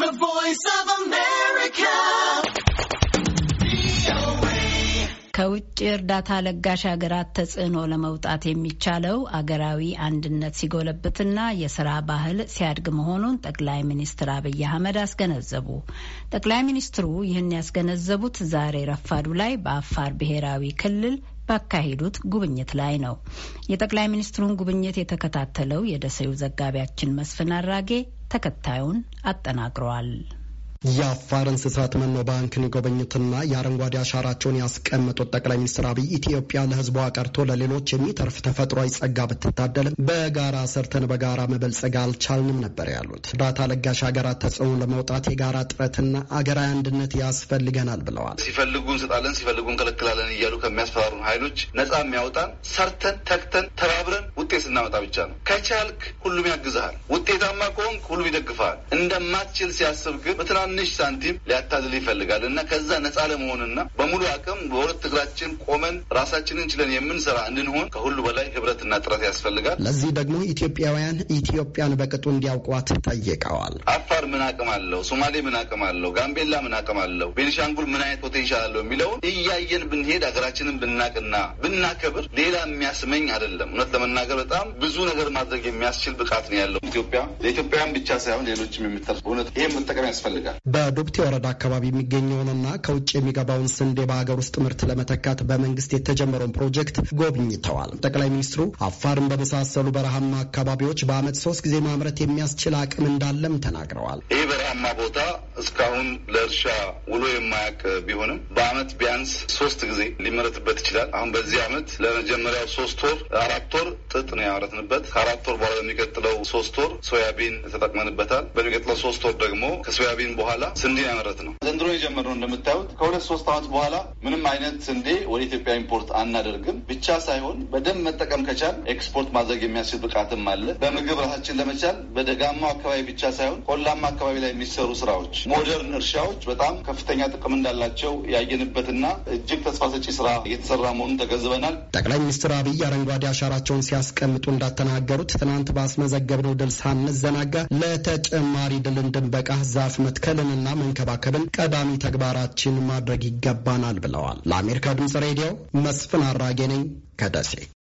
The Voice of America. ከውጭ እርዳታ ለጋሽ ሀገራት ተጽዕኖ ለመውጣት የሚቻለው አገራዊ አንድነት ሲጎለብትና የስራ ባህል ሲያድግ መሆኑን ጠቅላይ ሚኒስትር አብይ አህመድ አስገነዘቡ። ጠቅላይ ሚኒስትሩ ይህን ያስገነዘቡት ዛሬ ረፋዱ ላይ በአፋር ብሔራዊ ክልል ባካሄዱት ጉብኝት ላይ ነው። የጠቅላይ ሚኒስትሩን ጉብኝት የተከታተለው የደሴው ዘጋቢያችን መስፍን አራጌ ተከታዩን አጠናቅረዋል። የአፋር እንስሳት መኖ ባንክን የጎበኙትና የአረንጓዴ አሻራቸውን ያስቀመጡት ጠቅላይ ሚኒስትር አብይ ኢትዮጵያ ለሕዝቧ ቀርቶ ለሌሎች የሚተርፍ ተፈጥሯዊ ጸጋ ብትታደልም በጋራ ሰርተን በጋራ መበልጸግ አልቻልንም ነበር ያሉት። እርዳታ ለጋሽ ሀገራት ተጽዕኖ ለመውጣት የጋራ ጥረትና አገራዊ አንድነት ያስፈልገናል ብለዋል። ሲፈልጉ እንሰጣለን፣ ሲፈልጉ እንከለክላለን እያሉ ከሚያስፈራሩን ኃይሎች ነጻ የሚያወጣን ሰርተን ተግተን ተባብረን ውጤት ስናመጣ ብቻ ነው። ከቻልክ ሁሉም ያግዝሃል። ውጤታማ ከሆንክ ሁሉም ይደግፋል እንደማትችል ሲያስብ ግን በትናንሽ ሳንቲም ሊያታልል ይፈልጋል እና ከዛ ነጻ ለመሆንና በሙሉ አቅም በሁለት እግራችን ቆመን ራሳችንን ችለን የምንሰራ እንድንሆን ከሁሉ በላይ ህብረትና ጥረት ያስፈልጋል። ለዚህ ደግሞ ኢትዮጵያውያን ኢትዮጵያን በቅጡ እንዲያውቋት ጠይቀዋል። አፋር ምን አቅም አለው? ሶማሌ ምን አቅም አለው? ጋምቤላ ምን አቅም አለው? ቤኒሻንጉል ምን አይነት ፖቴንሻል አለው? የሚለውን እያየን ብንሄድ ሀገራችንን ብናቅና ብናከብር ሌላ የሚያስመኝ አይደለም እውነት ለመናገር በጣም ብዙ ነገር ማድረግ የሚያስችል ብቃት ነው ያለው ኢትዮጵያ። ለኢትዮጵያን ብቻ ሳይሆን ሌሎችም የምታርፍ እውነት ይህ መጠቀም ያስፈልጋል። በዶብቴ ወረዳ አካባቢ የሚገኘውንና ከውጭ የሚገባውን ስንዴ በሀገር ውስጥ ምርት ለመተካት በመንግስት የተጀመረውን ፕሮጀክት ጎብኝተዋል። ጠቅላይ ሚኒስትሩ አፋርን በመሳሰሉ በረሃማ አካባቢዎች በአመት ሶስት ጊዜ ማምረት የሚያስችል አቅም እንዳለም ተናግረዋል። ይህ በረሃማ ቦታ እስካሁን ለእርሻ ውሎ የማያውቅ ቢሆንም በዓመት ቢያንስ ሶስት ጊዜ ሊመረትበት ይችላል። አሁን በዚህ ዓመት ለመጀመሪያው ሶስት ወር አራት ወር ምርጥ ነው ያመረትንበት። ከአራት ወር በኋላ በሚቀጥለው ሶስት ወር ሶያቢን ተጠቅመንበታል። በሚቀጥለው ሶስት ወር ደግሞ ከሶያቢን በኋላ ስንዴ ያመረት ነው። ዘንድሮ የጀመርነው እንደምታዩት ከሁለት ሶስት ዓመት በኋላ ምንም አይነት ስንዴ ወደ ኢትዮጵያ ኢምፖርት አናደርግም ብቻ ሳይሆን በደንብ መጠቀም ከቻል ኤክስፖርት ማድረግ የሚያስችል ብቃትም አለ። በምግብ ራሳችን ለመቻል በደጋማው አካባቢ ብቻ ሳይሆን ቆላማ አካባቢ ላይ የሚሰሩ ስራዎች፣ ሞደርን እርሻዎች በጣም ከፍተኛ ጥቅም እንዳላቸው ያየንበትና እጅግ ተስፋ ሰጪ ስራ እየተሰራ መሆኑን ተገንዝበናል። ጠቅላይ ሚኒስትር አብይ አረንጓዴ አሻራቸውን ሲያስ እንዲያስቀምጡ እንዳተናገሩት ትናንት ባስመዘገብነው ድል ሳንዘናጋ ለተጨማሪ ድል እንድንበቃ ዛፍ መትከልንና መንከባከብን ቀዳሚ ተግባራችን ማድረግ ይገባናል ብለዋል። ለአሜሪካ ድምጽ ሬዲዮ መስፍን አራጌ ነኝ ከደሴ